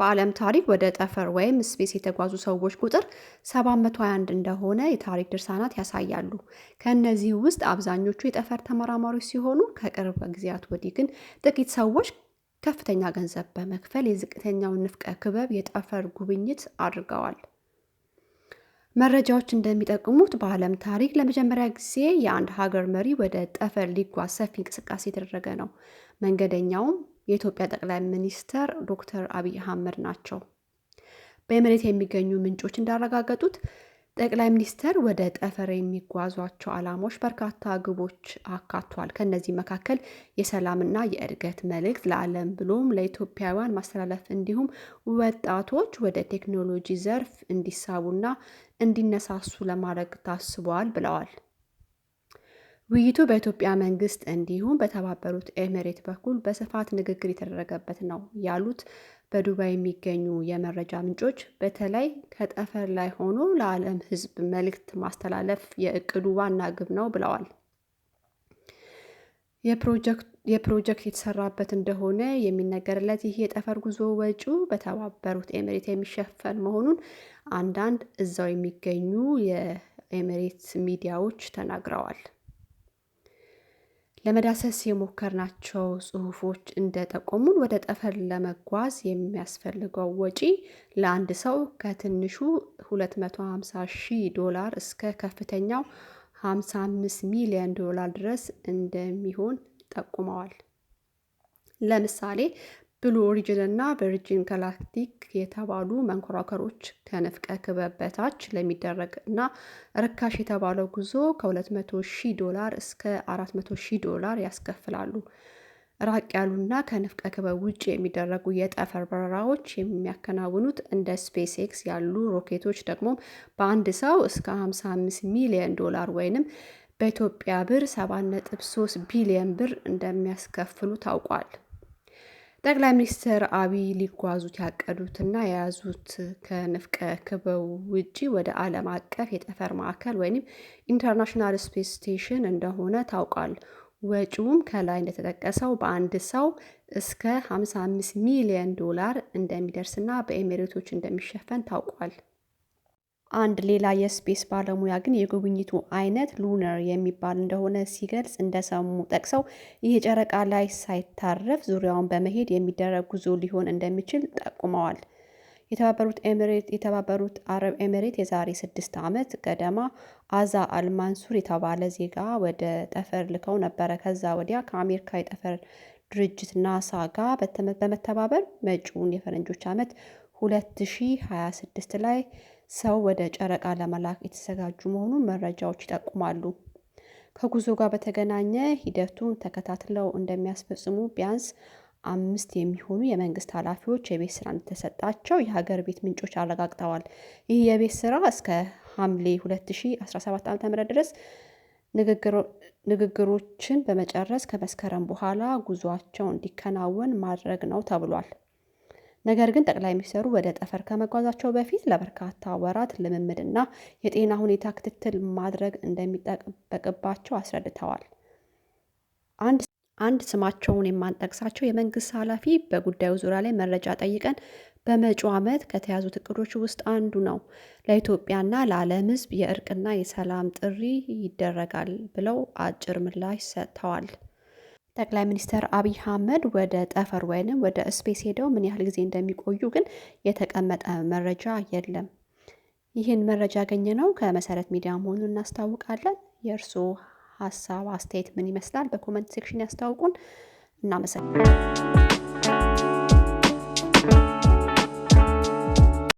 በዓለም ታሪክ ወደ ጠፈር ወይም ስፔስ የተጓዙ ሰዎች ቁጥር 721 እንደሆነ የታሪክ ድርሳናት ያሳያሉ። ከእነዚህ ውስጥ አብዛኞቹ የጠፈር ተመራማሪዎች ሲሆኑ ከቅርብ ጊዜያት ወዲህ ግን ጥቂት ሰዎች ከፍተኛ ገንዘብ በመክፈል የዝቅተኛውን ንፍቀ ክበብ የጠፈር ጉብኝት አድርገዋል። መረጃዎች እንደሚጠቅሙት በዓለም ታሪክ ለመጀመሪያ ጊዜ የአንድ ሀገር መሪ ወደ ጠፈር ሊጓዝ ሰፊ እንቅስቃሴ የተደረገ ነው። መንገደኛውም የኢትዮጵያ ጠቅላይ ሚኒስትር ዶክተር አብይ አህመድ ናቸው። በኤምሬት የሚገኙ ምንጮች እንዳረጋገጡት ጠቅላይ ሚኒስትር ወደ ጠፈር የሚጓዟቸው ዓላማዎች በርካታ ግቦች አካቷል። ከእነዚህ መካከል የሰላምና የእድገት መልእክት ለዓለም ብሎም ለኢትዮጵያውያን ማስተላለፍ እንዲሁም ወጣቶች ወደ ቴክኖሎጂ ዘርፍ እንዲሳቡና እንዲነሳሱ ለማድረግ ታስቧል ብለዋል። ውይይቱ በኢትዮጵያ መንግስት እንዲሁም በተባበሩት ኤምሬት በኩል በስፋት ንግግር የተደረገበት ነው ያሉት በዱባይ የሚገኙ የመረጃ ምንጮች፣ በተለይ ከጠፈር ላይ ሆኖ ለዓለም ሕዝብ መልእክት ማስተላለፍ የእቅዱ ዋና ግብ ነው ብለዋል። የፕሮጀክት የተሰራበት እንደሆነ የሚነገርለት ይህ የጠፈር ጉዞ ወጪው በተባበሩት ኤምሬት የሚሸፈን መሆኑን አንዳንድ እዛው የሚገኙ የኤምሬት ሚዲያዎች ተናግረዋል። ለመዳሰስ የሞከርናቸው ጽሁፎች እንደጠቆሙን ወደ ጠፈር ለመጓዝ የሚያስፈልገው ወጪ ለአንድ ሰው ከትንሹ 250 ሺህ ዶላር እስከ ከፍተኛው 55 ሚሊዮን ዶላር ድረስ እንደሚሆን ጠቁመዋል። ለምሳሌ ብሉ ኦሪጅን እና ቨርጂን ጋላክቲክ የተባሉ መንኮራኮሮች ከንፍቀ ክበብ በታች ለሚደረግ እና ርካሽ የተባለው ጉዞ ከ200 ሺህ ዶላር እስከ 400 ሺህ ዶላር ያስከፍላሉ። ራቅ ያሉና ከንፍቀ ክበብ ውጭ የሚደረጉ የጠፈር በረራዎች የሚያከናውኑት እንደ ስፔስ ኤክስ ያሉ ሮኬቶች ደግሞ በአንድ ሰው እስከ 55 ሚሊዮን ዶላር ወይንም በኢትዮጵያ ብር 7.3 ቢሊዮን ብር እንደሚያስከፍሉ ታውቋል። ጠቅላይ ሚኒስትር አብይ ሊጓዙት ያቀዱትና የያዙት ከንፍቀ ክበቡ ውጪ ወደ ዓለም አቀፍ የጠፈር ማዕከል ወይም ኢንተርናሽናል ስፔስ ስቴሽን እንደሆነ ታውቋል። ወጪውም ከላይ እንደተጠቀሰው በአንድ ሰው እስከ 55 ሚሊዮን ዶላር እንደሚደርስና በኤሜሬቶች እንደሚሸፈን ታውቋል። አንድ ሌላ የስፔስ ባለሙያ ግን የጉብኝቱ አይነት ሉነር የሚባል እንደሆነ ሲገልጽ እንደሰሙ ጠቅሰው ይህ ጨረቃ ላይ ሳይታረፍ ዙሪያውን በመሄድ የሚደረግ ጉዞ ሊሆን እንደሚችል ጠቁመዋል። የተባበሩት ኤሚሬት የተባበሩት አረብ ኤምሬት የዛሬ ስድስት ዓመት ገደማ አዛ አልማንሱር የተባለ ዜጋ ወደ ጠፈር ልከው ነበረ። ከዛ ወዲያ ከአሜሪካ የጠፈር ድርጅት ናሳ ጋር በመተባበር መጪውን የፈረንጆች ዓመት 2026 ላይ ሰው ወደ ጨረቃ ለመላክ የተዘጋጁ መሆኑን መረጃዎች ይጠቁማሉ። ከጉዞ ጋር በተገናኘ ሂደቱን ተከታትለው እንደሚያስፈጽሙ ቢያንስ አምስት የሚሆኑ የመንግስት ኃላፊዎች የቤት ስራ እንደተሰጣቸው የሀገር ቤት ምንጮች አረጋግጠዋል። ይህ የቤት ስራ እስከ ሐምሌ 2017 ዓ.ም ድረስ ንግግሮችን በመጨረስ ከመስከረም በኋላ ጉዟቸው እንዲከናወን ማድረግ ነው ተብሏል። ነገር ግን ጠቅላይ ሚኒስትሩ ወደ ጠፈር ከመጓዛቸው በፊት ለበርካታ ወራት ልምምድና የጤና ሁኔታ ክትትል ማድረግ እንደሚጠበቅባቸው አስረድተዋል። አንድ አንድ ስማቸውን የማንጠቅሳቸው የመንግስት ኃላፊ በጉዳዩ ዙሪያ ላይ መረጃ ጠይቀን በመጪው ዓመት ከተያዙት እቅዶች ውስጥ አንዱ ነው፣ ለኢትዮጵያና ለዓለም ሕዝብ የእርቅና የሰላም ጥሪ ይደረጋል ብለው አጭር ምላሽ ሰጥተዋል። ጠቅላይ ሚኒስትር አብይ አህመድ ወደ ጠፈር ወይንም ወደ ስፔስ ሄደው ምን ያህል ጊዜ እንደሚቆዩ ግን የተቀመጠ መረጃ የለም። ይህን መረጃ ያገኘ ነው ከመሰረት ሚዲያ መሆኑን እናስታውቃለን። የእርስዎ ሀሳብ አስተያየት ምን ይመስላል? በኮመንት ሴክሽን ያስታውቁን። እናመሰግናለን።